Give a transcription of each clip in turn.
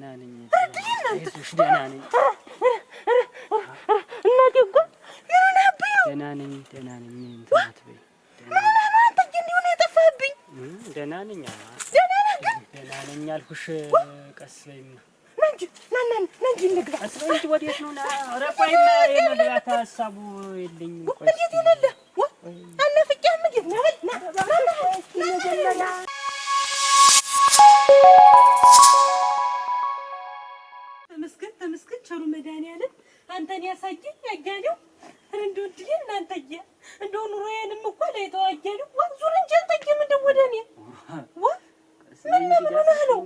ደህና ነኝ ደህና ነኝ እናቴ እኮ ምን ሆነህብኝ ደህና ነኝ ደህና ነኝ እንትን አትበይ ምን ሆነህ አንተ እንዲሁ ነው የጠፋህብኝ ደህና ነኝ ደህና ነህ ግን ደህና ነኝ አልኩሽ ቀስ በይማ ሀሳቡ የለኝም እንዴት ይለለ አናፍቄህም እንዴት ና ና ዘመን ያሳየኝ አያሌው እንደው እድሌ እናንተዬ እንደው ኑሮዬንም እኮ ላይተው አያሌው ዋ ዙር እንጂ አንተዬ ምንድን ወደ እኔ ዋ ምን ለምን ሆነህ ነው?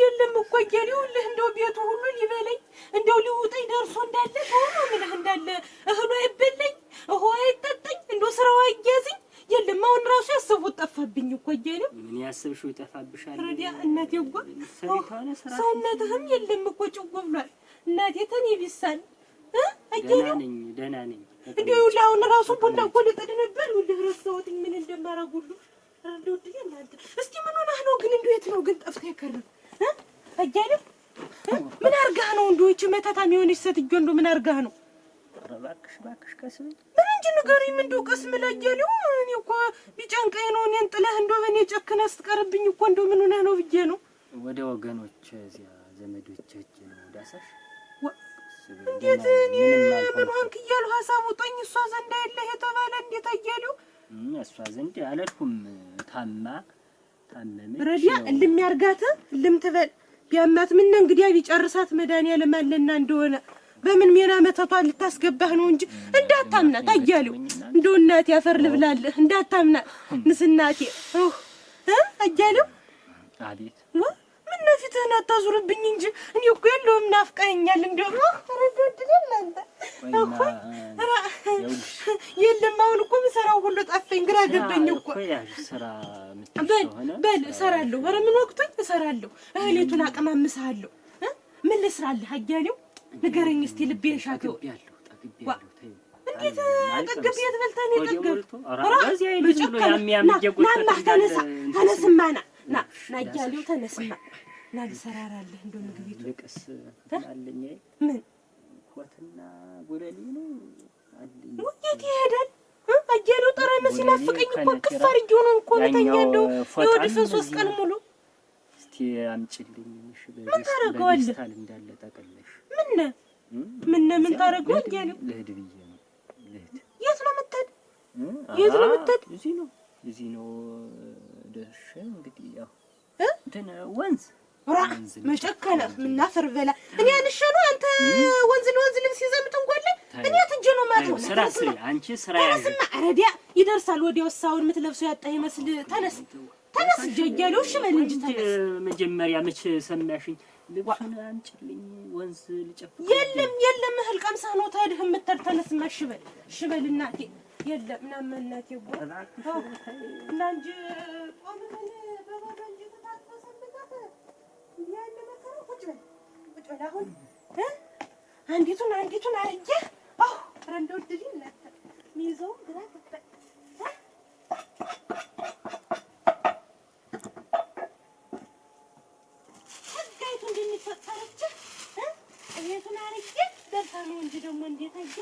የለም እኮ አያሌው ልህ እንደው ቤቱ ሁሉ ሊበለኝ እንደው ሊውጠኝ ደርሶ እንዳለ ተሆኖ ምልህ እንዳለ እህሉ አይበለኝ እሆ አይጠጠኝ እንደው ስራው አያዝኝ የለም አሁን ራሱ ያሰቡት ጠፋብኝ እኮ አያሌው። ምን ያሰብሽው ይጠፋብሻል? ረዲ እናቴ እኮ ሰውነትህም የለም እኮ ጭው ብሏል እናቴ ተኔ ቢሳል ደህና ነኝ። እንደው ይኸውልህ አሁን እራሱ ቡና እኮ ልጥድ ነበር። ይኸውልህ ረሳሁት ምን እንደማደርግ ሁሉ። እስኪ ምን ሆነህ ነው ግን? እንደው የት ነው ግን ጠፍተህ የከረምክ? አያሌው ምን አድርጋህ ነው? እንደው ይህቺ መታታም የሆነች ሴትዮ እንደው ምን አድርጋህ ነው? ኧረ እባክሽ እባክሽ ቀስ ብለሽ ምን እንጂ ንገሪኝ። እንደው ቀስ ብለህ አያሌው፣ እኔ እኮ ቢጨንቀኝ ነው እኔን ጥለህ እንደው በእኔ ጨክነህ ስትቀርብኝ እኮ እንደው ምን ሆነህ ነው ብዬሽ ነው። ወደ ወገኖች እዚያ ዘመዶቻችን ዳሰሽ እንዴት እኔ በባንክ እያሉ ሀሳቡ ጠኝ እሷ ዘንድ የለህ የተባለ እንዴት አያሉ እሷ ዘንድ አላልኩም። ታማ ታመመች ረዲያ እልም ያርጋት እልም ትበል ቢያማት ምነ እንግዲያ ቢጨርሳት መድኃኒዓለም አለና እንደሆነ በምን ሜና መተቷ ልታስገባህ ነው እንጂ እንዳታምናት አያሌው እንደው እናቴ አፈር ልብላለህ እንዳታምናት ንስናቴ አያሌው አቤት ምነው ፊትህን አታዙርብኝ እንጂ እኔ እኮ የለውም ናፍቀኸኛል። እንዲያውም የለም አሁን እኮ ምሰራው ሁሉ ጠፋኝ፣ ግራ ገባኝ እኮ በል በል እሰራለሁ። ኧረ ምን ወቅቶኝ እሰራለሁ። እህሌቱን አቀማምሳለሁ። ምን ልስራልህ አያሌው ንገረኝ እስኪ ልቤ የሻተው እንዴት ጠግብ የት በልተህ ተነሳ ተነስማ ና ና ተነስማ ና ልሰራራለህ። እንደው ምግብ ቤቱ ልቅስ አለኝ። ምን ኮትና ጉለሌ ነው አለኝ። ይሄዳል? አያሌው ጠረን ሲናፍቀኝ እኮ ቅፍ አድርጌው ነው እኮ የምተኛ። እንደው ሶስት ቀን ሙሉ እስቲ አምጪልኝ። እሺ ምን ታደርገዋለህ? እንዳለ ጠቅልለሽ ምነ ምነ ምን ታደርገዋለህ? አያሌው ልሂድ ብዬ ነው። ልሂድ የት ነው የምትሄድ? የት ነው የምትሄድ? እዚህ ነው እዚህ ነው ደርሼ እንግዲህ ያው እንትን ወንዝ መጨከለህ ምናፈር በላ እኔ አንሸ ነው አንተ ወንዝ ለወንዝ ልብስ ይዘህ የምትንጎለኝ እኔ ትጄ ነው ማለት ነው። ተነስማ ረዲያ ይደርሳል ወዲያው ሳውን የምትለብሰው ያጣ ይመስል ተነስ ተነስ እጀያለሁ። እሺ በል እንጂ ተነስ። መጀመሪያ መቼ ሰማሽኝ? ልብሱን አንጭልኝ ወንዝ ልጨፍ የለም የለም እህል ቀምሰህ ነው ታድህ የምትል ተነስማ። እሺ በል እሺ በል እናቴ የለም ምናምን እናቴ ጓ እና እንጂ ቆም በባባ እንጂ በል አሁን አንዲቱን አንዲቱን አርጌ አሁ ረንደው ድል ሚይዘውም ግራ ገባኝ። ጸጋይቱ እንደሚፈጠረች ቤቱን አርጌ ደርሳ ነው እንጂ ደግሞ እንዴት አየ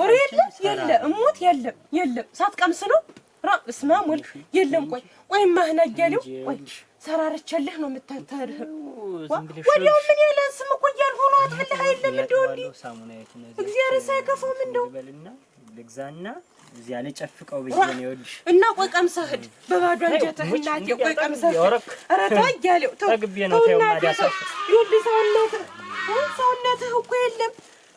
ወሬ የለም የለም እሞት የለም የለም ሳትቀምስ ነው ራ እስማ ሙል የለም። ቆይ ቆይ ማህና እያሌው ቆይ ሰራርቼልህ ነው የምታተርህ። ወዲያው ምን ያለን ስም እኮ እያልሁ ነው አትፈልህ አይደለም። እንደው እንዲህ እግዚአብሔር ሳይከፋውም እንደው ልግዛና እዚያ ልጨፍቀው ብዬ ነው። ይኸውልሽ እና ቆይ ቀምሰህ ሂድ በባዶ አንጀትህ እናቴ። ቆይ ቀምሰህ ሂድ። ኧረ ተው እያሌው ተው ተው እናቴ ተው። ይኸውልህ ሰውነትህ ሰውነትህ እኮ የለም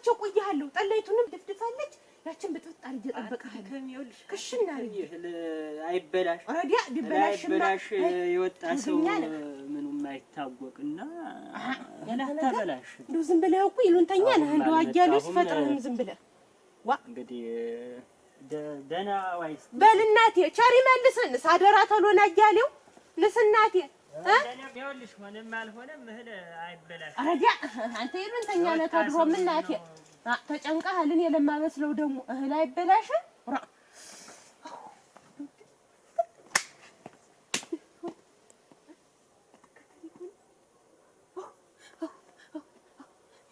አብሬያቸው ቆያለሁ። ጠላይቱንም ድፍድፋለች። ያችን ብጥጥ አድርጌ እጠብቅሃለሁ። ክሽና አይበላሽ ወዲያ ቢበላሽ የወጣ ሰው ምኑም አይታወቅና ታበላሽ። እንደው ዝም ብለህ እኮ ይሉንተኛ ነህ። እንደው አያሌው ፈጥረህም ዝም ብለህ ዋ እንግዲህ ደህና ዋይስ በል እናቴ፣ ቸር ይመልስን። ሳደራ ተሎና አያሌው ልስናቴ አንተ የምንተኛ ነህ ተድሮ ምናቴ ተጨንቀሃል። እኔ ለማመስለው ደግሞ እህል አይበላሽም።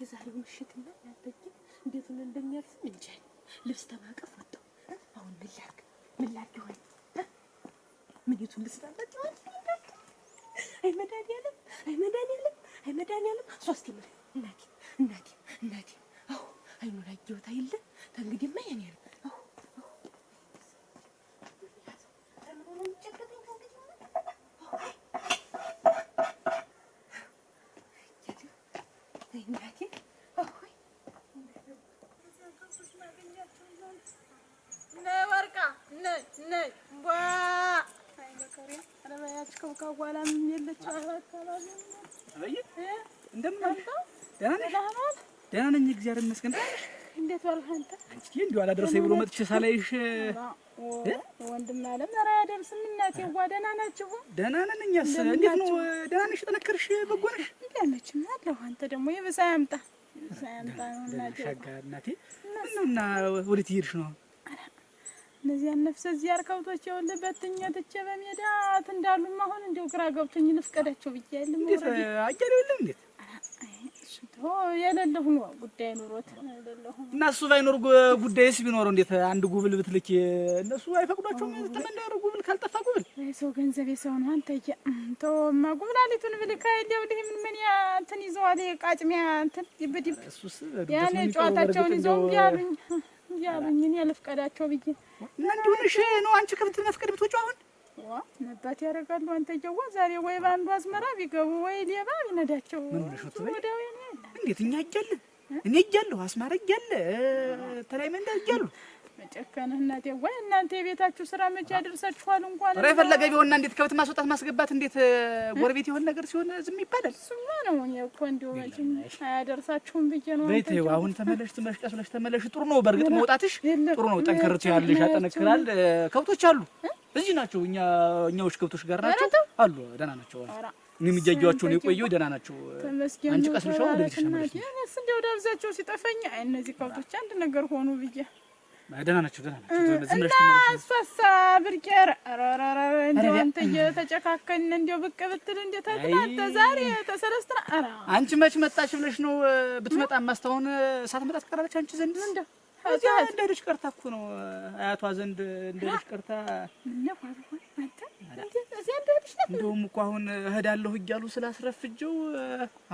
የዛሬው ምሽትማ ያንተኛ እንዴት ነው እንደሚያልፍ ልብስ ተማቀፍ ወጣሁ። አሁን ምን ላድርግ? ምን ላድርግ ምን አይ መድኃኒዓለም፣ አይ መድኃኒዓለም፣ አይ መድኃኒዓለም ሶስት ይመረ እናቴ እናቴ እናቴ አው አይኑ ላይ ጆታ ይለ ከእንግዲህ ማ ያኔ ነይ ወርቃ ነይ ነይ ቧ አይ መከሪያ አለማያችከው ከጓላም የለች አካባቢ እንደምናልከው ደህና ነኝ ደህና ነኝ፣ እግዚአብሔር ይመስገን። እንዴት ዋልክ አንተ? አንቺ እንዲሁ አላደርሰኝ ብሎ መጥቼ ሳላይሽ ወንድም አለም ኧረ አያደርስም። እናቴ እንኳ ደህና ናችሁ? ደህና ነን እኛስ። እንዴት ነው ደህና ነሽ? ጠነከርሽ? በጎ ነሽ? እንደምችም አለሁ። አንተ ደግሞ የበዛ ያምጣ ያምጣ ነው እናቴ። ሻጋ እናቴ እና ወዴት እየሄድሽ ነው? እነዚያን ነፍሰ ዚያር ከብቶች የወለበት በትኛ ትቼ በሜዳ እንዳሉ አሁን እንደው ግራ ገብቶኝ ልፍቀዳቸው ብያለሁ። እንዴት አያሌው የለም እንዴት የሌለሁ ነው ጉዳይ ኑሮት የሌለሁ እና እሱ ባይኖር ጉዳይስ ቢኖረው እንዴት አንድ ጉብል ብትልኪ እነሱ አይፈቅዷቸውም። ተመንዳሩ ጉብል ካልጠፋ ጉብል የሰው ገንዘብ የሰው ነው። አንተ ተወማ ጉብል አሊቱን ብልካ የለው ልህ ምን ምን ያ እንትን ይዘዋል ቃጭሚያ እንትን ይብድብ ያኔ ጨዋታቸውን ይዘው ያሉኝ ያሉኝ እኔ ልፍቀዳቸው ብዬ እንዲሁ ነሽ ነው አንቺ ከብት መፍቀድ ብትወጪው አሁን መባት ያደርጋሉ። አንተ ጀዋ ዛሬ ወይ በአንዱ አዝመራ ቢገቡ ወይ ሌባ ቢነዳቸው እንዴት እኛ እጃለን እኔ እጃለሁ አስማረ እጃለ ተላይ መንዳ እጃለሁ መጨከን እናቴ ወይ እናንተ የቤታችሁ ስራ መቼ ያደርሳችኋል? እንኳን ኧረ የፈለገ ቢሆንና እንዴት ከብት ማስወጣት ማስገባት እንዴት ጎረቤት የሆነ ነገር ሲሆን ዝም ይባላል? እሱማ ነው እኮ እንዲሁ መቼም አያደርሳችሁም ብዬ ነው። ቤት አሁን ተመለሽ ትመሽ ብለሽ ተመለሽ። ጥሩ ነው በእርግጥ መውጣትሽ ጥሩ ነው። ጠንከር ትያለሽ፣ ያጠነክራል። ከብቶች አሉ እዚህ ናቸው። እኛ እኛዎች ከብቶች ጋር ናቸው አሉ። ደህና ናቸው እኔም እያየኋቸው ነው የቆየሁ። ደህና ናቸው። አንቺ ቀስ ብለሽ አሁን ወደ ቤትሽ ተመለሽ። እነዚህ ከብቶች አንድ ነገር ሆኑ ብዬ ደህና ናቸው፣ ደህና ናቸው። እና እሷስ ብርቄ እንደው አንተ እየተጨካከልን እንደው ብቅ ብትል እንደው ተትናንተ ዛሬ ተሰለስትና ኧረ አንቺ መች መጣች ብለሽ ነው? ብትመጣም አስታሁን ሳትመጣ ትቀራለች አንቺ ዘንድ እንደው እዚያ እንደ ልጅ ቀርታ እኮ ነው አያቷ ዘንድ እንደ ልጅ ቀርታ እንደውም እኮ አሁን እሄዳለሁ እያሉ ስላስረፍጀው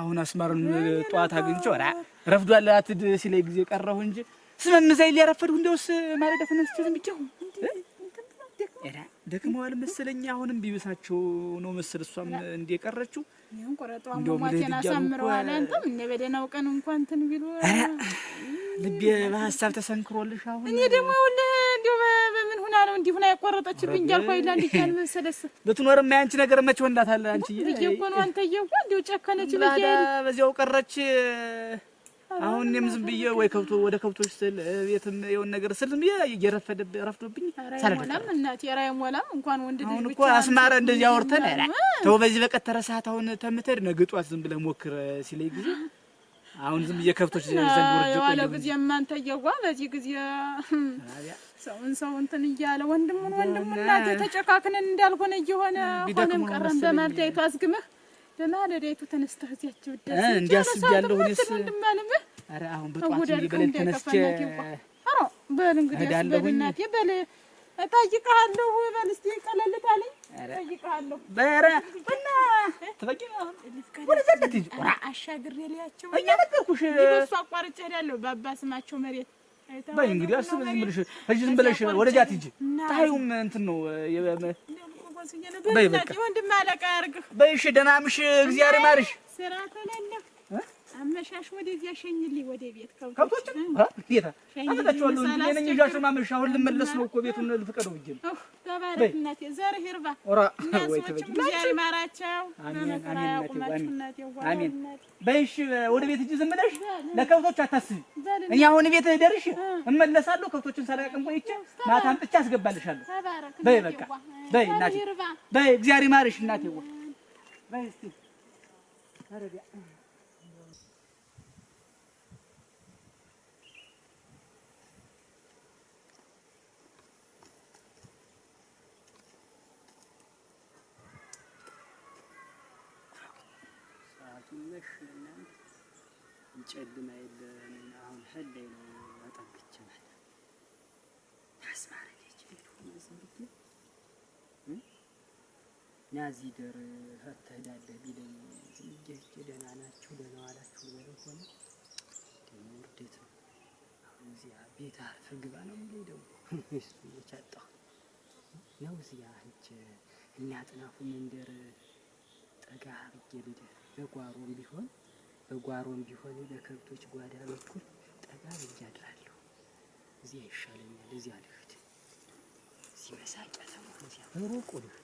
አሁን አስማርን ጠዋት አግኝቼው ረፍዷል አትድ ሲለኝ ጊዜ ቀረሁ እንጂ ስመምዛይ ሊያረፈድሁ እንደውስ ማለዳ ተነስቼ ዝም ብቻው እራ ደክመዋል መሰለኝ። አሁንም ቢብሳቸው ነው መሰል እሷም እንደ ይሁን ቆረጣው አሟሟቴን አሳምረዋል። አንተም በደህናው ቀን እንኳን እንትን ቢሉ ልቤ በሀሳብ ተሰንክሮልሽ። አሁን እኔ ደግሞ ይኸውልህ በምን ሁና ነው አይደል? መሰለስ ያንቺ ነገር መቼ አንቺ እኮ ነው ጨከነች ልጅ በዚያው ቀረች አሁን እኔም ዝም ብዬ ወይ ከብቶ ወደ ከብቶች ስል ቤትም የሆን ነገር ስል ዝም ብዬ እየረፈደብኝ ረፍዶብኝ ሳላደርግ እናቴ ራይ ሞላም እንኳን ወንድ ልጅ አሁን እኮ አስማረ እንደዚህ አወርተን ተው በዚህ በቀተረ ሰዓት አሁን ተምተድ ነገ ጧት ዝም ብለህ ሞክር ሲለኝ ጊዜ አሁን ዝም ብዬ ከብቶች ዘንድ ወርጄ ቆይ ያለ ጊዜ ማንተ እየዋ በዚህ ጊዜ ሰውን ሰው እንትን እያለ ወንድሙን ወንድሙን እናቴ ተጨካክነን እንዳልሆነ እየሆነ ሆነም ቀረን በማለት አስግምህ በማለዳይቱ ተነስተህ እዚያቸው ደስ እንዲያስብ ያለው ሁኔስ አረ አሁን በጧት እንዲህ ተነስቼ በል እንግዲህ በእናቴ በል እጠይቅሃለሁ በል እስቲ ቀለል እጠይቅሃለሁ በረ እና ተበቂ ወደ ዘለት ይዙ አሻግሬ ልያቸው እኛ ነገርኩሽ አቋርጬ እሄዳለሁ ባባ ስማቸው መሬት በይ እንግዲህ አስብ ዝም ብለሽ እዚህ ዝም ብለሽ ወደዚያ ትሂጂ ታዩም እንትን ነው በይ በቃ በይ። እሺ ደህና ምሽ፣ እግዚአብሔር ይማርሽ። አመሻሽ ወደዚያ ሸኝልኝ ወደ ቤት ከብቶች ግዴታ አመጣቸዋለሁ ልመለስ ነው እኮ ቤቱን ልፍቀደው እንጂ ተባረክ እናቴ፣ ወደ ቤት እጅ ዝም ብለሽ ለከብቶች አታስቢ። እኔ አሁን ቤት ደርሽ እመለሳለሁ። ከብቶችን ሳላቀም ቆይቼ ማታ አምጥቼ አስገባልሻለሁ። በይ በቃ በይ እናቴ፣ በይ እግዚአብሔር ይማርሽ እናቴ። በይ እስኪ ጨልማ የለም አሁን ህላይ ነው አጠብቼ ማለት ታስማረኝ ይችላል ናዚ ደር ትሄዳለህ ቢለኝ ዝም ደህና ናችሁ ደህና ዋላችሁ ልበለው ሆነ ደግሞ ውርደት ነው። አሁን እዚያ ቤት አርፈህ ግባ ነው የሚለኝ ደግሞ እሱ የቻጣሁ ነው እዚያ ሂጅ እና አጥናፉ መንደር ጠጋ ብዬ ልደር በጓሮም ቢሆን በጓሮም ቢሆን በከብቶች ጓዳ በኩል ጠጋ ብዬ አድራለሁ። እዚያ ይሻለኛል። እዚያ ልሂድ ሲመሳቂያ ተሞን እዚያ በሩቁ ልሂድ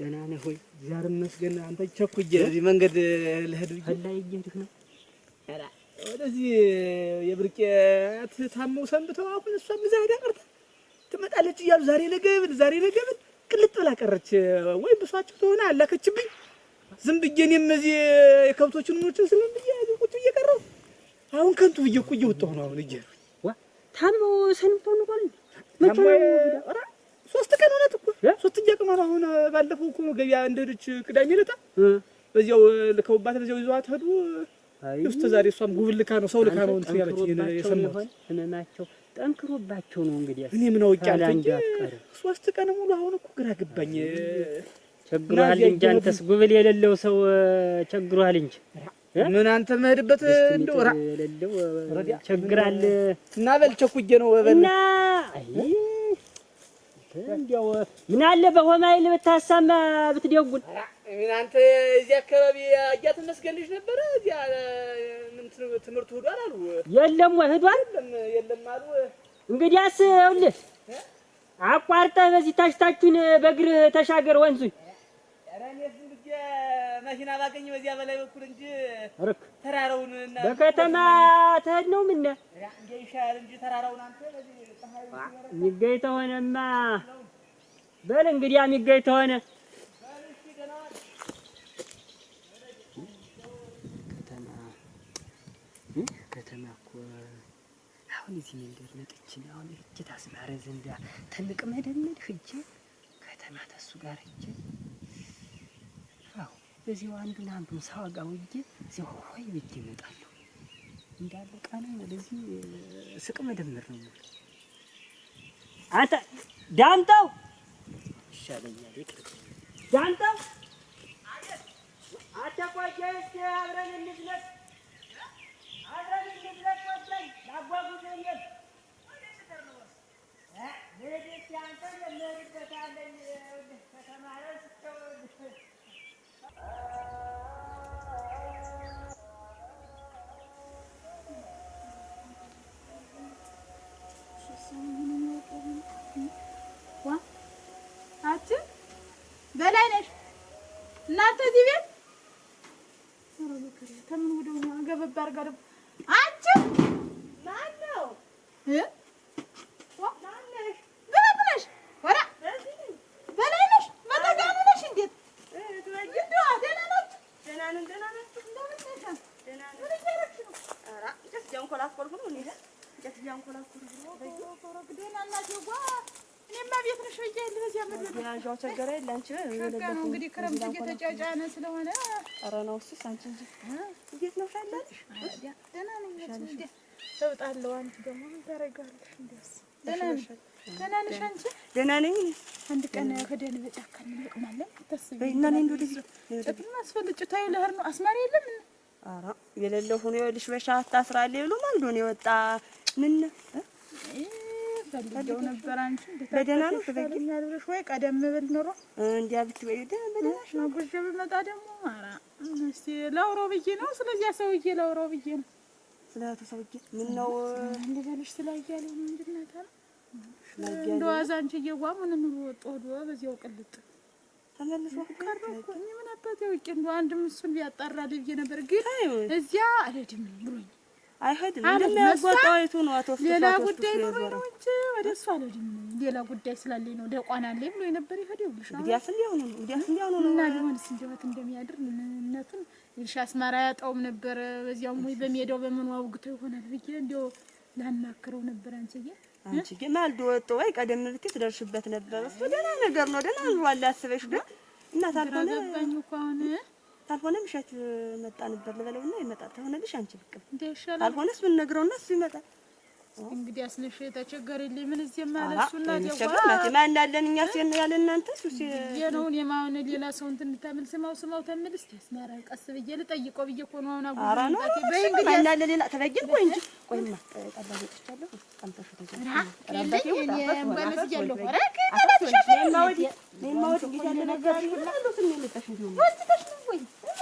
ደህና ነህ ወይ? ዛር መስገን አንተ ቸኩዬ እዚህ መንገድ ልሄድ እየሄድክ ነው። ወደዚህ የብርቄት ታመው ሰንብተው አሁን እሷም እዛ ሄዳ ቀርታ ትመጣለች እያሉ ዛሬ ለገብን ዛሬ ለገብን ቅልጥ ብላ ቀረች። ወይ ብሷቸው ትሆነ አላከችብኝ። ዝም ብዬ እኔም እዚህ የከብቶችን ምኖችን ስምን ብዬ ቁጭ ብዬ ቀረሁ። አሁን ከንቱ ብዬ እኮ እየወጣሁ ነው። አሁን እየሄድኩኝ ታመው ሰንብተው ንቆል መቼ ነው ሶስት ቀን ሆነት እኮ ሶስት እያቅማሩ አሁን ባለፈው እኮ ገበያ እንደሄደች ቅዳሜ ዕለት በዚያው ልከውባት በዚያው ይዘዋት ሄዱ። እስከ ዛሬ እሷም ጉብል ልካ ነው ሰው ልካ ነው እንትን ያለች የሰማሁት ህመማቸው ጠንክሮባቸው ነው እንግዲህ እኔ ምን አውቄያለሁ እንጂ ሶስት ቀን ሙሉ አሁን እኮ ግራ ገባኝ። ቸግሯል እንጂ አንተስ ጉብል የሌለው ሰው ቸግሯል እንጂ ምን አንተ መሄድበት እንደው ራ ቸግራል እና በል ቸኩጄ ነው በል እና አይ እንዲያው ምን አለ በሆማይል ብታሳማ ብትደውል። ምን አንተ እዚህ አካባቢ አያት መስገልሽ ነበረ? እዚያ ምን ትምህርቱ ሄዷል አሉ? የለም ወይ ሄዷል? የለም አሉ። እንግዲያስ ይኸውልህ አቋርጠህ በዚህ ታሽታችሁን በእግር ተሻገር ወንዙ መኪና ባገኝ በዚያ በላይ በኩል እንጂ ተራራውን በከተማ ትሄድ ነው። ምን ይሻል እንጂ ተራራውን አንተ የሚገኝ ተሆነማ በል የሚገኝ ተሆነ ከተማ አሁን እዚህ መንገድ መጥቼ አሁን ዘንዳ ከተማ ተሱ ጋር ሂጅ እዚሁ አንዱን አንዱን ሳዋጋ ውዬ እዚሁ ሆይ ብዬ እመጣለሁ። እንዳለ ቃና ወደዚህ ስቅ መደመር ነው። አንተ ዳምጠው ይሻለኛል። ይቅር ዳምጠው አተቆጀ ስ አብረን እንዝለቅ አብረን እንዝለቅ ወስለኝ ላጓጉዘ የም ከተማረ በላይ ነሽ እናንተ እዚህ ቤት ተምን ወደ ገበባ አድርጋ ያው ቸገረ ለአንቺ ነው እንግዲህ ክረምት እየተጫጫነ ስለሆነ ኧረ ነው እሱስ አንቺ እንጂ እንዴት ነው ሻላለሽ? ደህና ነኝ። እንዴ ተውጣለሁ። አንቺ ደግሞ ምን ታደርጊያለሽ? እንደስ ደህና ነሽ አንቺ? ደህና ነኝ። አንድ ቀን ከደን በጫካ እንለቅማለን። ታስቢ እና ነኝ እንዴ ጨጥና አስፈልጭ ታዩ ለህር ነው አስማሪ የለም ኧረ የሌለው ሆኖ ይኸውልሽ በሻት አስራ ሌሉ ማልዶ የወጣ ምን ፈልጌው ነበር። አንቺ በደህና ነው ትበይኛለሽ ወይ? ቀደም ብል ኖሮ እንዲያ ብትበይ በደህና ነው። ጉዤ ብመጣ ደግሞ ኧረ እስኪ ለአውሮ ብዬ ነው። ስለዚያ ሰውዬ ለአውሮ ብዬ ነው። ስለቱ ሰውዬ ምን ነው እንዲበልሽ ስላያለኝ ምንድን ነው ታዲያ? እንደው አዛ አንቺ እየዋሙን ወጦ ሄዶ በዚያው ቅልጥ ተመልሶ ቀረኩኝ። ምን አባቴ አውቄ እንደው አንድም እሱን ቢያጣራ ነበር፣ ግን እዚያ አልሄድም ብሎኝ አይሄድም። እንደሚያጓጣይቱ ነው። አቶ ሌላ ጉዳይ ነው ነው እንጂ ወደ እሱ አልሄድም። ሌላ ጉዳይ ስላለኝ ነው። ደቋና አለኝ ብሎ የነበረ ይሄድ ይብልሽ እንግዲያስ እንዲያው ነው እንግዲያስ እንዲያው ነው እና ቢሆንስ እንደበት እንደሚያድር ምንነቱን ይልሽ አስማራ ያጣውም ነበረ። በዚያውም ወይ በሜዳው በምኑ አውግቶ ይሆናል ብዬ እንዲያው ላናክረው ነበር። አንቺዬ አንቺዬ ማልዶ ወጥቶ ወይ ቀደም ብለሽ ትደርሽበት ነበር። እሱ ደህና ነገር ነው። ደህና ነው አላስበሽ ግን እናት አልሆነ ገባኝ እኮ አሁን ካልሆነም ምሸት መጣ ነበር ልበለውና ይመጣል። ተሆነልሽ አንቺ ብቅ እንደሻለ ካልሆነስ ምን ነግረውና እሱ ይመጣል። እንግዲህ አስልሽ ተቸገር ምን እዚህ ማለሱና ሱና ማለት ማን አለን እኛ ሲን ያለ እናንተ የነውን የማውን ሌላ ሰው እንትን ተምል ስማው ስማው ተምል እስቲ ቀስ ብዬ ልጠይቆ ብዬ ነው አሁን አጉል በይ እንግዲህ ማን ሌላ ተበጅን ቆይ እንጂ ቆይማ ጠላ ወጥቻለሁ ቀምተሽ ተጀምራ ራባቴ ወጣ ባለስ እንግዲህ ያለ ነገር ሁሉ ትንሽ ልጠሽ ነው ወጥተሽ ነው ወይ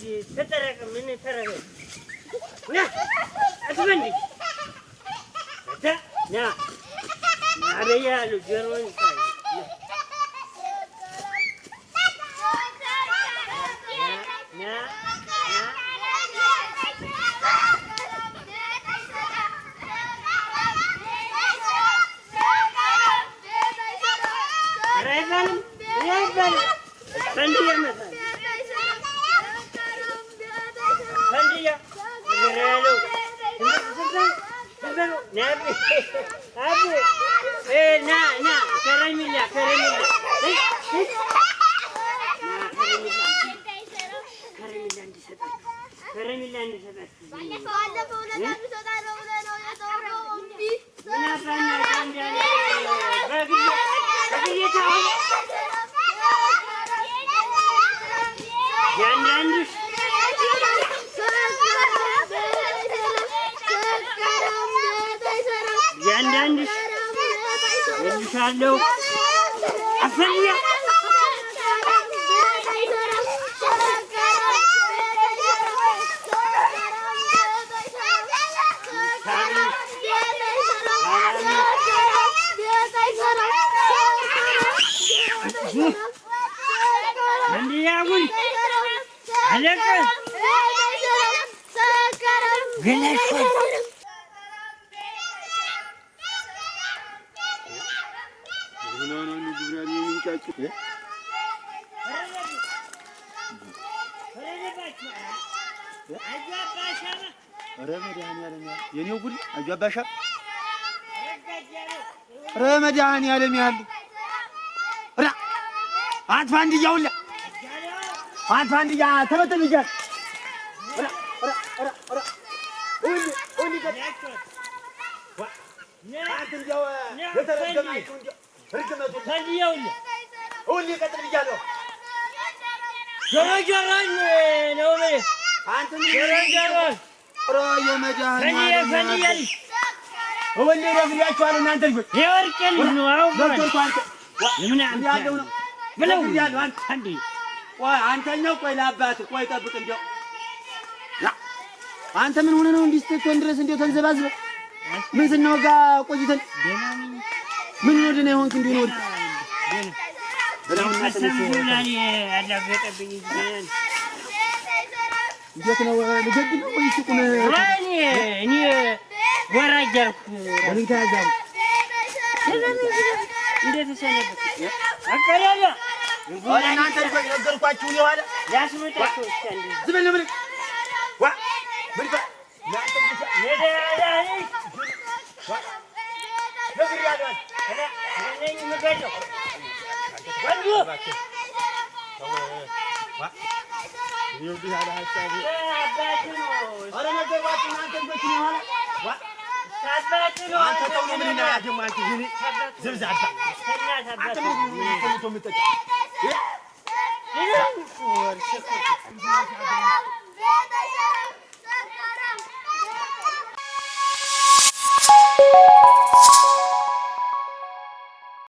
જી ફેતરે કે મને ફેરવે ના અજમંડી ના અરે યાર જોરવાની Yanarım. Ne? መድኃኒዓለም የኔ ጉድ አዩ አባሻ ረ መድኃኒዓለም ያለ ራ አጥፋ እንድያ ሁላ አጥፋ እንድያ ተበተን እያል እርግ እንዲያው የተረገመችው እንዲያው እርግመቱ እንዲያው ሁሉ ይቀጥል ብያለሁ። ጆሮ ነው የምልህ አንተ ጆሮ ጆሮ ሮ የመድሀኒዓለም ወንዴ ነግሬያቸዋለሁ። እናንተ ልጆች የወርቄ ልጅ ነው አሁን ምን ያለው ነው ብለው ያለው አንተ ቆይ አንተኛው ቆይ ለአባትህ ቆይ ጠብቅ እንዲያው አንተ ምን ሆነህ ነው እንዲህ ድረስ እንዲያው ተንዘባዝበህ ምን ስናወጋ ቆይተን ምን ነው ደህና የሆንክ እንዲሁ ነው እንዴት ነው ልገድ ነው ወይስ ቁም ወይኔ እኔ ጎራ ጀርኩ ምን ታዛው እንዴት ሰነበት አቀራለ ወላ እናንተ ነገርኳችሁ ነው አለ ያስመጣችሁ እንዴ ዝም ብለህ ምን ዋ ምን ባ ያ ያ ነው